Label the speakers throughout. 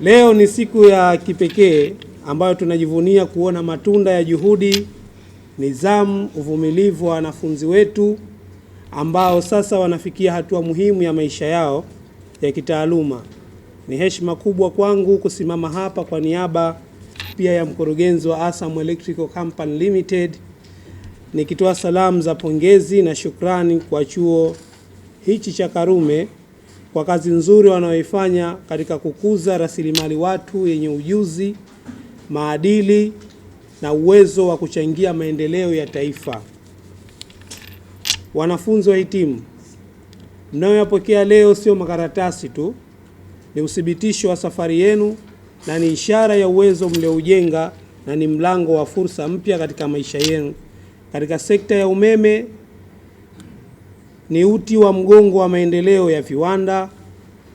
Speaker 1: Leo ni siku ya kipekee ambayo tunajivunia kuona matunda ya juhudi, nidhamu, uvumilivu wa wanafunzi wetu ambao sasa wanafikia hatua muhimu ya maisha yao ya kitaaluma. Ni heshima kubwa kwangu kusimama hapa kwa niaba pia ya mkurugenzi wa Asam Electrical Company Limited nikitoa salamu za pongezi na shukrani kwa chuo hichi cha Karume kwa kazi nzuri wanayoifanya katika kukuza rasilimali watu yenye ujuzi, maadili na uwezo wa kuchangia maendeleo ya taifa. Wanafunzi wa hitimu mnayoyapokea leo sio makaratasi tu, ni uthibitisho wa safari yenu na ni ishara ya uwezo mlioujenga na ni mlango wa fursa mpya katika maisha yenu katika sekta ya umeme ni uti wa mgongo wa maendeleo ya viwanda,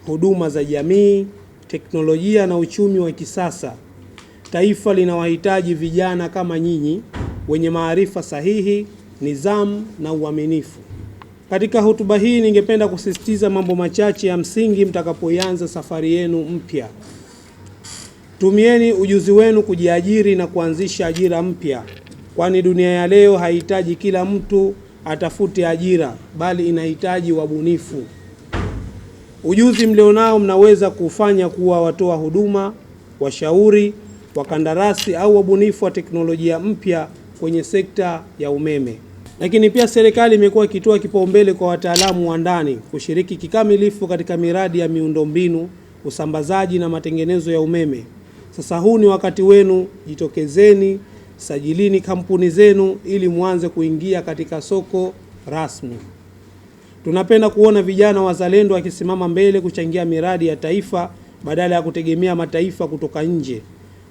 Speaker 1: huduma za jamii, teknolojia na uchumi wa kisasa. Taifa linawahitaji vijana kama nyinyi wenye maarifa sahihi, nidhamu na uaminifu. Katika hotuba hii ningependa kusisitiza mambo machache ya msingi mtakapoianza safari yenu mpya. Tumieni ujuzi wenu kujiajiri na kuanzisha ajira mpya, kwani dunia ya leo haihitaji kila mtu atafute ajira, bali inahitaji wabunifu. Ujuzi mlionao mnaweza kufanya kuwa watoa huduma, washauri, wakandarasi au wabunifu wa teknolojia mpya kwenye sekta ya umeme. Lakini pia serikali imekuwa ikitoa kipaumbele kwa wataalamu wa ndani kushiriki kikamilifu katika miradi ya miundombinu, usambazaji na matengenezo ya umeme. Sasa huu ni wakati wenu, jitokezeni sajilini kampuni zenu ili muanze kuingia katika soko rasmi. Tunapenda kuona vijana wazalendo wakisimama mbele kuchangia miradi ya taifa badala ya kutegemea mataifa kutoka nje.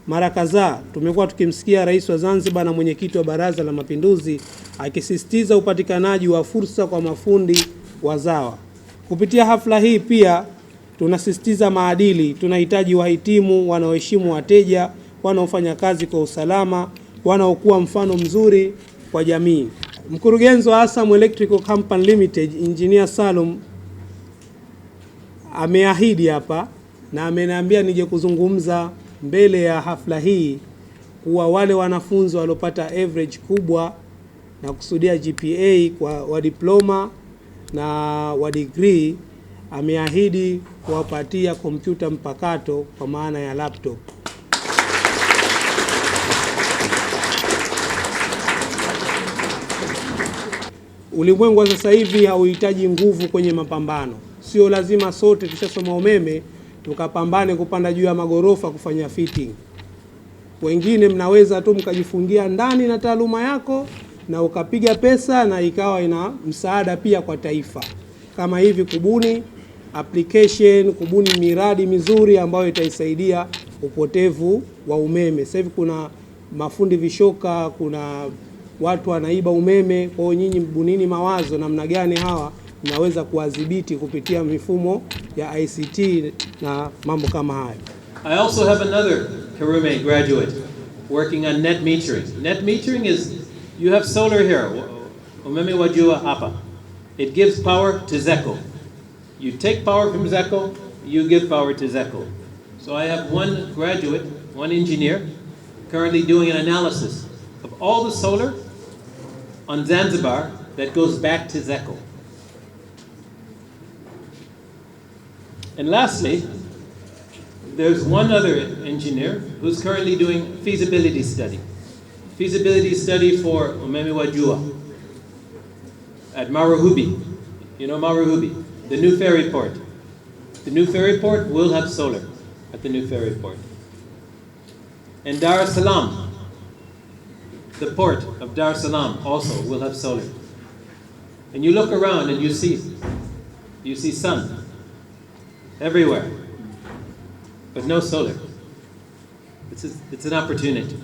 Speaker 1: Mara kadhaa tumekuwa tukimsikia Rais wa Zanzibar na mwenyekiti wa Baraza la Mapinduzi akisisitiza upatikanaji wa fursa kwa mafundi wazawa. Kupitia hafla hii pia tunasisitiza maadili. Tunahitaji wahitimu wanaoheshimu wateja, wanaofanya kazi kwa usalama wanaokuwa mfano mzuri kwa jamii. Mkurugenzi wa Asam Electrical Company Limited Engineer Salum ameahidi hapa na ameniambia nije kuzungumza mbele ya hafla hii kuwa wale wanafunzi waliopata average kubwa na kusudia GPA kwa wa diploma na wa degree ameahidi kuwapatia kompyuta mpakato kwa maana ya laptop. Ulimwengu wa sasa hivi hauhitaji nguvu kwenye mapambano. Sio lazima sote tushasoma umeme tukapambane kupanda juu ya magorofa kufanya fitting. Wengine mnaweza tu mkajifungia ndani na taaluma yako na ukapiga pesa na ikawa ina msaada pia kwa taifa. Kama hivi kubuni application, kubuni miradi mizuri ambayo itaisaidia upotevu wa umeme. Sasa hivi kuna mafundi vishoka, kuna watu wanaiba umeme. Kwa nyinyi mbunini mawazo namna gani hawa naweza kuwadhibiti kupitia mifumo ya ICT na mambo kama hayo.
Speaker 2: I also have another Karume graduate working on net metering. Net metering is you have solar here, umeme wa jua hapa. It gives power to ZECO. You take power from ZECO, you give power to ZECO. So I have one graduate, one engineer, currently doing an analysis of all the solar on Zanzibar that goes back to Zeko. And lastly, there's one other engineer who's currently doing feasibility study. Feasibility study for Umeme Wajua at Maruhubi. You know Maruhubi, the new ferry port. The new ferry port will have solar at the new ferry port. And Dar es Salaam, the port of Dar es Salaam also will have solar. And you look around and you see, you see sun everywhere, but no solar. It's, a, it's an opportunity.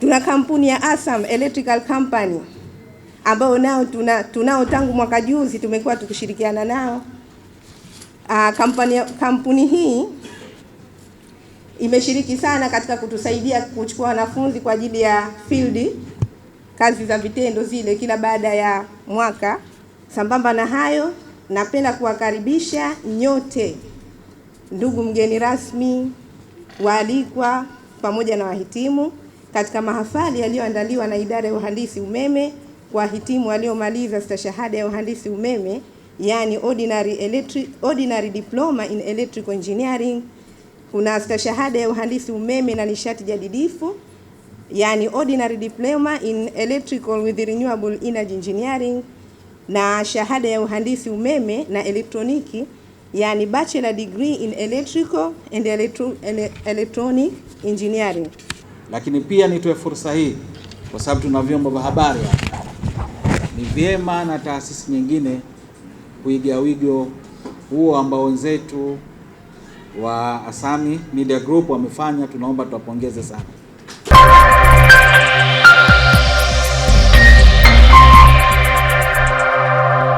Speaker 3: Tuna kampuni ya Assam Electrical Company ambao nao tunao tangu mwaka juzi tumekuwa tukishirikiana nao. Uh, ah, kampuni, kampuni hii imeshiriki sana katika kutusaidia kuchukua wanafunzi kwa ajili ya field kazi za vitendo zile kila baada ya mwaka. Sambamba na hayo, napenda kuwakaribisha nyote, ndugu mgeni rasmi, waalikwa pamoja na wahitimu katika mahafali yaliyoandaliwa na idara ya uhandisi umeme kwa wahitimu waliomaliza stashahada ya uhandisi umeme, yani ordinary electric, ordinary diploma in electrical engineering kuna stashahada ya uhandisi umeme na nishati jadidifu, yani ordinary diploma in electrical with renewable energy engineering, na shahada ya uhandisi umeme na elektroniki, yani bachelor degree in electrical and electro, ele, electronic engineering.
Speaker 1: Lakini pia nitoe fursa hii kwa sababu tuna vyombo vya habari, ni vyema na taasisi nyingine kuiga wigo huo ambao wenzetu wa Asami Media Group wamefanya, tunaomba tuwapongeze sana.